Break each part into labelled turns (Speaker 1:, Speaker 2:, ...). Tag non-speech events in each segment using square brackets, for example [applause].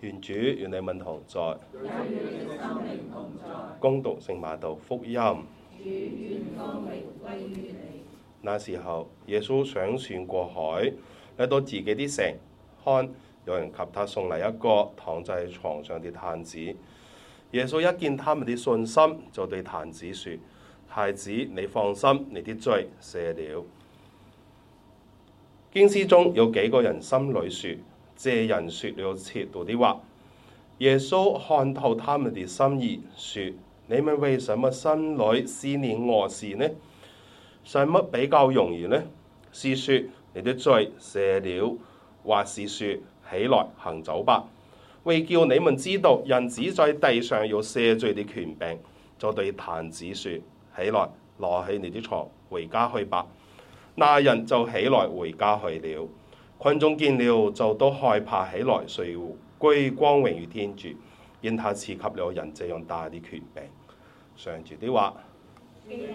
Speaker 1: 願主與你們同在，恭讀聖瑪竇福音。那時候，耶穌上船過海，嚟到自己啲城看，有人給他送嚟一個躺在床上嘅癱子。耶穌一見他們啲信心，就對癱子説：孩子，你放心，你啲罪赦了。經師中有幾個人心裏説。這人說了邪道的話，耶穌看透他們嘅心意，説：你們為什麼心裏思念惡事呢？上什麼比較容易呢？是説你的罪赦了，或是説起來行走吧？為叫你們知道人子在地上有赦罪的權柄，就對壇子説：起來，攞起你的床，回家去吧。那人就起來回家去了。羣眾見了就都害怕起來睡，遂歸光榮於天主，因他賜給了人這樣大的權柄。上主的話。今日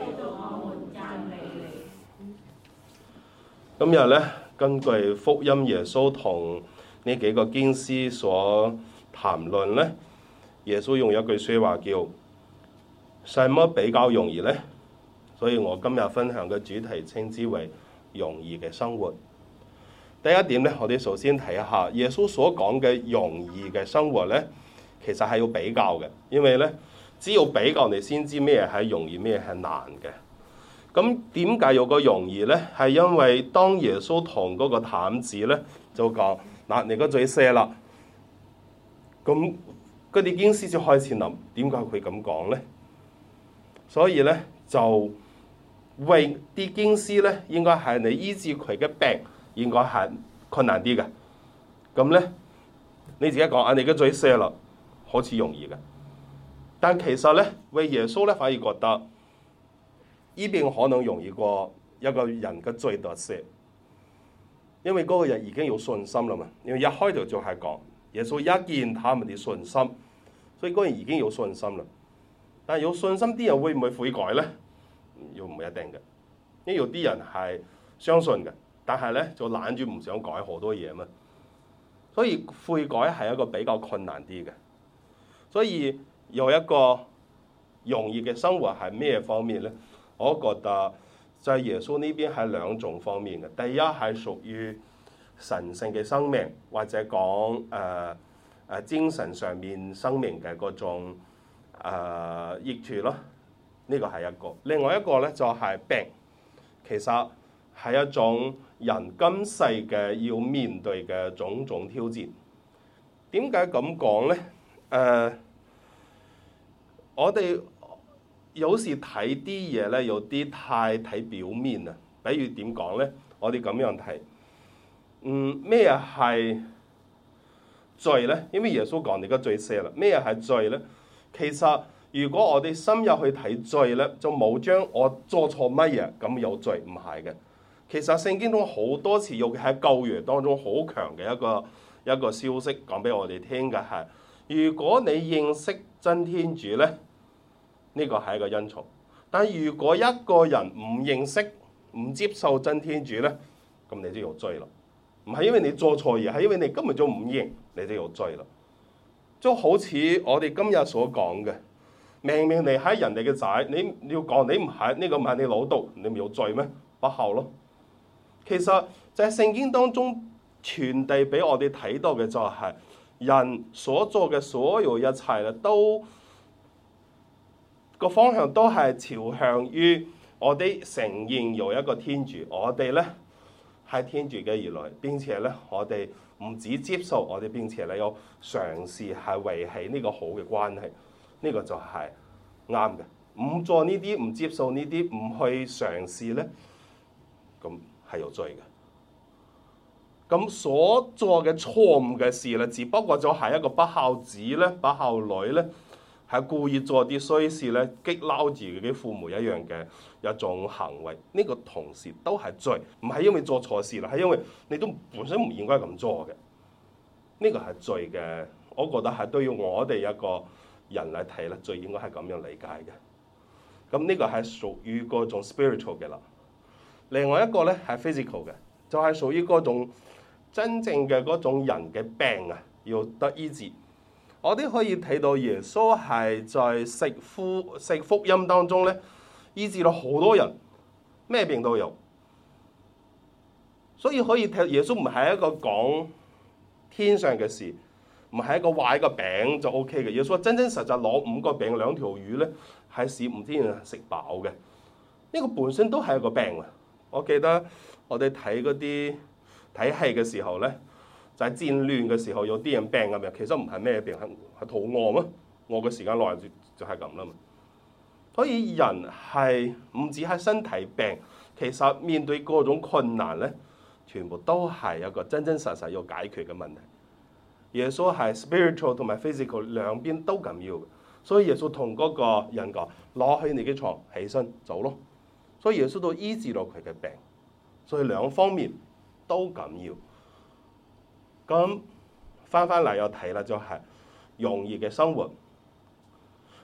Speaker 1: 咧，根據福音，耶穌同呢幾個經師所談論呢，耶穌用一句説話叫：什麼比較容易呢？所以我今日分享嘅主題稱之為容易嘅生活。第一點咧，我哋首先睇下耶穌所講嘅容易嘅生活咧，其實係要比較嘅，因為咧，只要比較你先知咩係容易，咩係難嘅。咁點解有個容易咧？係因為當耶穌同嗰個癱子咧就講，嗱、啊，你個罪赦啦，咁嗰啲經師就開始諗點解佢咁講咧？所以咧就為啲經師咧，應該係你醫治佢嘅病。應該係困難啲嘅，咁咧你自己講，你嘅嘴卸落好似容易嘅，但其實呢，為耶穌呢，反而覺得呢邊可能容易過一個人嘅嘴度卸，因為嗰個人已經有信心啦嘛。因為一開頭就係講耶穌一見他們嘅信心，所以嗰個人已經有信心啦。但有信心啲人會唔會悔改呢？又唔一定嘅，因為有啲人係相信嘅。但係咧就懶住唔想改好多嘢嘛，所以悔改係一個比較困難啲嘅。所以有一個容易嘅生活係咩方面咧？我覺得就係耶穌呢邊係兩種方面嘅。第一係屬於神性嘅生命，或者講誒誒精神上面生命嘅嗰種益處、呃、咯。呢個係一個。另外一個咧就係病，其實。係一種人今世嘅要面對嘅種種挑戰。點解咁講咧？誒、呃，我哋有時睇啲嘢咧，有啲太睇表面啦。比如點講咧？我哋咁樣睇，嗯，咩係罪咧？因為耶穌講你而家罪赦啦。咩係罪咧？其實如果我哋深入去睇罪咧，就冇將我做錯乜嘢咁有罪，唔係嘅。其實聖經中好多詞語係救贖當中好強嘅一個一個消息，講俾我哋聽嘅係：如果你認識真天主咧，呢個係一個因素；但如果一個人唔認識、唔接受真天主咧，咁你都有罪咯。唔係因為你做錯嘢，係因為你根本就唔認，你都有罪咯。就好似我哋今日所講嘅，明明你係人哋嘅仔，你要講你唔係呢個唔係你老豆，你咪有罪咩？不孝咯！其實就係聖經當中傳遞俾我哋睇到嘅，就係人所做嘅所有一切咧，都個方向都係朝向於我哋承認有一個天主我呢。我哋咧係天主嘅兒女，並且咧我哋唔止接受我哋，並且咧有嘗試係維係呢個好嘅關係。呢、這個就係啱嘅。唔做呢啲，唔接受呢啲，唔去嘗試咧，咁。係有罪嘅，咁所做嘅錯誤嘅事咧，只不過就係一個不孝子咧，不孝女咧，係故意做啲衰事咧，激嬲住佢啲父母一樣嘅一種行為。呢個同時都係罪，唔係因為做錯事啦，係因為你都本身唔應該咁做嘅。呢個係罪嘅，我覺得係都要我哋一個人嚟睇咧，最應該係咁樣理解嘅。咁呢個係屬於嗰種 spiritual 嘅啦。另外一個咧係 physical 嘅，就係、是、屬於嗰種真正嘅嗰種人嘅病啊，要得醫治。我哋可以睇到耶穌係在食福食福音當中咧，醫治到好多人，咩病都有，所以可以睇到耶穌唔係一個講天上嘅事，唔係一個壞一個餅就 O K 嘅。耶穌真真實實攞五個餅兩條魚咧，喺使五天啊食飽嘅呢、呢個本身都係一個病啊！我記得我哋睇嗰啲睇戲嘅時候呢，就係、是、戰亂嘅時候，有啲人病咁樣，其實唔係咩病，係肚餓咯。餓嘅時間內就就係咁啦嘛。所以人係唔止係身體病，其實面對各種困難呢，全部都係一個真真實實要解決嘅問題。耶穌係 spiritual 同埋 physical 兩邊都緊要，所以耶穌同嗰個人講：攞起你嘅床，起身走咯。所以耶穌都醫治到佢嘅病，所以兩方面都緊要。咁翻翻嚟又睇啦，就係、是、容易嘅生活。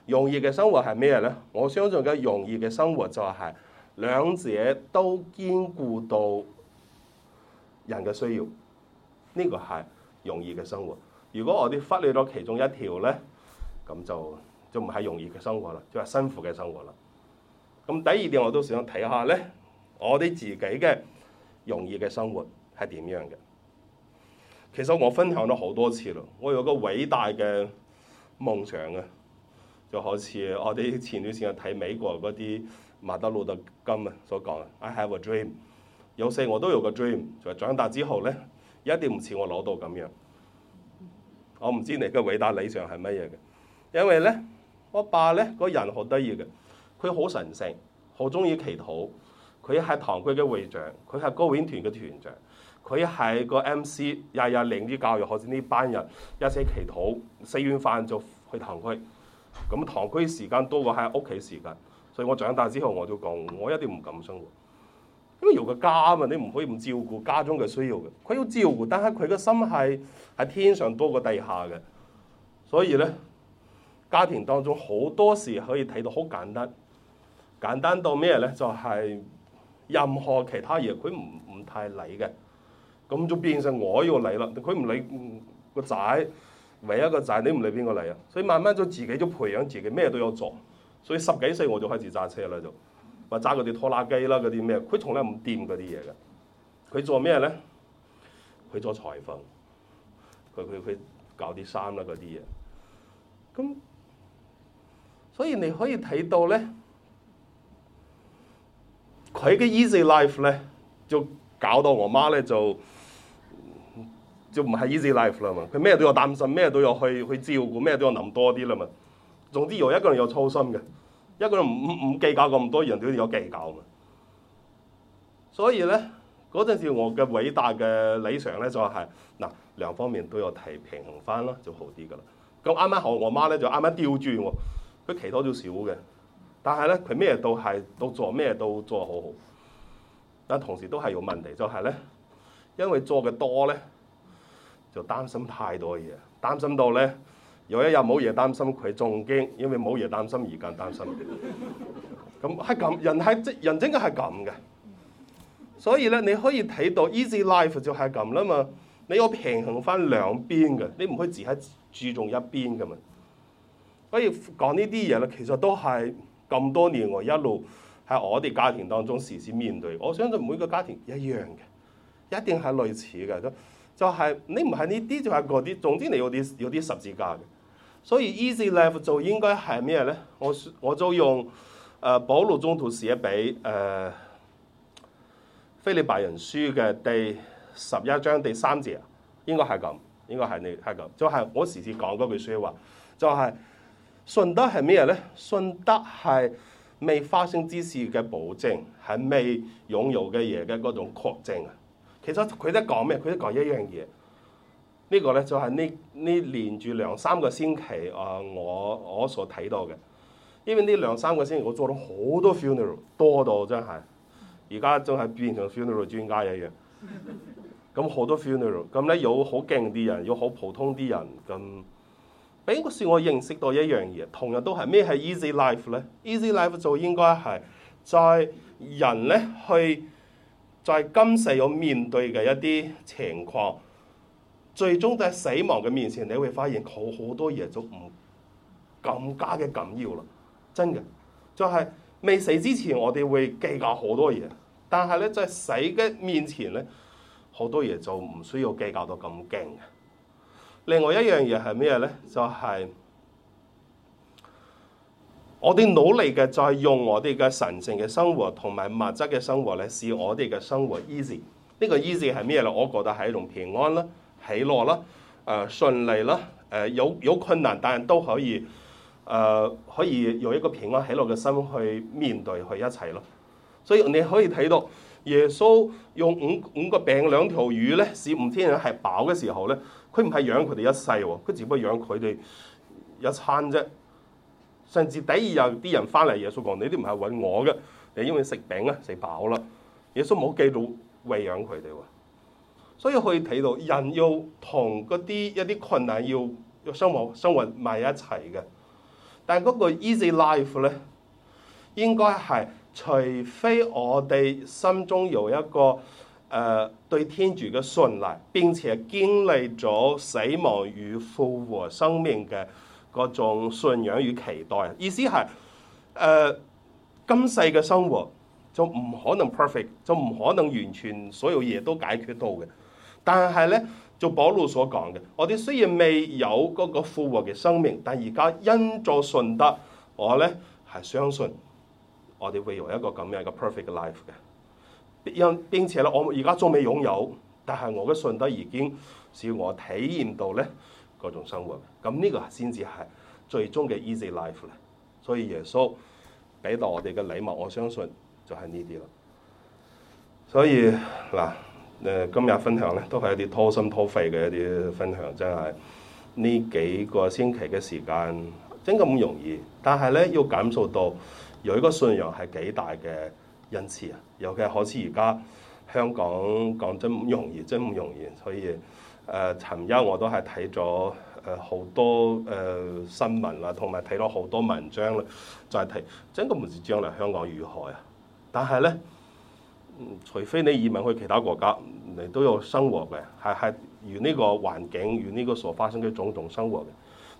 Speaker 1: 容易嘅生活係咩咧？我相信嘅容易嘅生活就係、是、兩者都兼顧到人嘅需要，呢、這個係容易嘅生活。如果我哋忽略咗其中一條咧，咁就就唔係容易嘅生活啦，就係、是、辛苦嘅生活啦。咁第二點我都想睇下呢，我哋自己嘅容易嘅生活係點樣嘅？其實我分享咗好多次咯，我有個偉大嘅夢想啊，就好似我哋前段時間睇美國嗰啲馬丁路德金啊所講啊，I have a dream，有時我都有個 dream。就係長大之後呢，一定唔似我老豆咁樣，我唔知你嘅偉大理想係乜嘢嘅，因為呢，我爸呢個人好得意嘅。佢好神聖，好中意祈禱。佢係堂區嘅會長，佢係歌詠團嘅團長，佢係個 MC，日日領啲教友或者呢班人一齊祈禱。食完飯就去堂區。咁堂區時間多過喺屋企時間，所以我長大之後我都講，我一啲唔敢生活。因為有個家啊嘛，你唔可以唔照顧家中嘅需要嘅。佢要照顧，但係佢嘅心係喺天上多過地下嘅。所以咧，家庭當中好多事可以睇到好簡單。簡單到咩咧？就係、是、任何其他嘢，佢唔唔太理嘅。咁就變成我要理啦。佢唔理個仔、嗯，唯一,一個仔你唔理邊個理啊？所以慢慢就自己都培養自己，咩都有做。所以十幾歲我就開始揸車啦，就話揸嗰啲拖拉機啦，嗰啲咩。佢從來唔掂嗰啲嘢嘅。佢做咩咧？佢做裁縫，佢佢佢搞啲衫啦嗰啲嘢。咁所以你可以睇到咧。佢嘅 easy life 咧，就搞到我媽咧就就唔係 easy life 啦嘛。佢咩都要擔心，咩都要去去照顧，咩都要諗多啲啦嘛。總之有一個人有操心嘅，一個人唔唔唔計較咁多人，人哋都有計較嘛。所以咧嗰陣時，我嘅偉大嘅理想咧就係嗱兩方面都有提平衡翻啦，就好啲噶啦。咁啱啱我媽呢剛剛我媽咧就啱啱調轉喎，佢其他就少嘅。但係咧，佢咩都係，都做咩都做好好。但同時都係有問題，就係咧，因為做嘅多咧，就擔心太多嘢，擔心到咧，有一日冇嘢擔心，佢仲驚，因為冇嘢擔心而更擔心。咁係咁，人係即人真嘅係咁嘅。所以咧，你可以睇到 [laughs] Easy Life 就係咁啦嘛。你要平衡翻兩邊嘅，你唔可以只係注重一邊㗎嘛。所以講呢啲嘢咧，其實都係。咁多年我一路喺我哋家庭當中時時面對，我相信每個家庭一樣嘅，一定係類似嘅。就、就係你唔係呢啲就係嗰啲，總之你有啲有啲十字架嘅。所以 Easy Life 就應該係咩咧？我我就用誒、呃、保羅中途寫俾誒腓利拜人書嘅第十一章第三節，應該係咁，應該係你係咁。就係、是、我時時講嗰句説話，就係、是。信德係咩咧？信德係未發生之事嘅保證，係未擁有嘅嘢嘅嗰種確證啊！其實佢都講咩？佢都講一樣嘢。呢、呢個咧就係呢呢連住兩三個星期啊！我我，我所睇到嘅，因為呢兩三個星期我做咗好多 funeral，多到真係，而家仲係變成 funeral 專家一樣。咁好 [laughs] 多 funeral，咁咧有好勁啲人，有好普通啲人咁。俾個說我認識到一樣嘢，同樣都係咩係 easy life 咧？easy life 就應該係在人咧去在、就是、今世要面對嘅一啲情況，最終就係死亡嘅面前，你會發現好好多嘢就唔咁加嘅緊要啦。真嘅，就係、是、未死之前我哋會計較好多嘢，但係咧就係死嘅面前咧，好多嘢就唔需要計較到咁驚嘅。另外一樣嘢係咩咧？就係、是、我哋努力嘅，就係用我哋嘅神聖嘅生活同埋物質嘅生活咧，使我哋嘅生活 easy。這個、呢個 easy 係咩咧？我覺得係一種平安啦、喜樂啦、誒、呃、順利啦、誒、呃、有有困難但係都可以誒、呃、可以用一個平安喜樂嘅心去面對去一齊咯。所以你可以睇到耶穌用五五個餅兩條魚咧，使五千人係飽嘅時候咧。佢唔係養佢哋一世，佢只不過養佢哋一餐啫。甚至第二日啲人翻嚟，耶穌講：你都唔係搵我嘅，你因為食餅啊食飽啦。耶穌冇記到餵養佢哋。所以可以睇到人要同嗰啲一啲困難要，要生活生活埋一齊嘅。但係嗰個 easy life 咧，應該係除非我哋心中有一個。誒、uh, 對天主嘅信賴，並且經歷咗死亡與復活生命嘅嗰種信仰與期待，意思係誒、uh, 今世嘅生活就唔可能 perfect，就唔可能完全所有嘢都解決到嘅。但係咧，就保羅所講嘅，我哋雖然未有嗰個復活嘅生命，但而家因著信德，我咧係相信我哋會有一個咁樣嘅 perfect life 嘅。因並且咧，我而家仲未擁有，但係我嘅信德已經使我體驗到咧嗰種生活。咁、這、呢個先至係最終嘅 easy life 咧。所以耶穌俾到我哋嘅禮物，我相信就係呢啲啦。所以嗱，誒、呃、今日分享咧，都係一啲掏心掏肺嘅一啲分享，真係呢幾個星期嘅時間，真咁容易。但係咧，要感受到有一個信仰係幾大嘅。因此啊，尤其係好似而家香港講真唔容易，真唔容易。所以誒尋日我都係睇咗誒好多誒、呃、新聞啦，同埋睇咗好多文章咧，就係睇真都唔知將來香港如何啊！但係咧，除非你移民去其他國家，你都有生活嘅，係係與呢個環境與呢個所發生嘅種種生活嘅。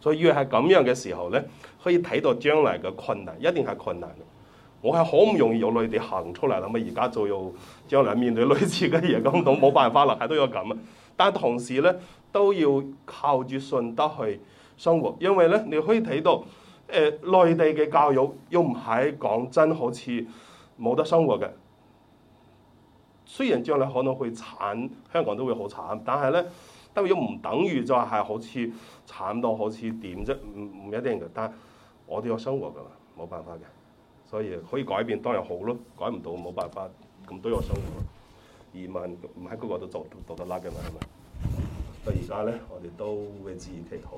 Speaker 1: 所以越係咁樣嘅時候咧，可以睇到將來嘅困難，一定係困難嘅。我係好唔容易由內地行出嚟啦，咁而家就要將來面對類似嘅嘢，咁都冇辦法啦，係都有咁啊。但係同時咧，都要靠住信德去生活，因為咧你可以睇到誒、呃、內地嘅教育又唔係講真好似冇得生活嘅。雖然將來可能會慘，香港都會好慘，但係咧都又唔等於就係好似慘到好似點啫，唔唔一定嘅。但係我哋有生活嘅，冇辦法嘅。所以可以改變，當然好咯。改唔到，冇辦法，咁都有生活咯。移民唔係個個都做得到嘅嘛係咪？但而家呢，我哋都會自然祈禱。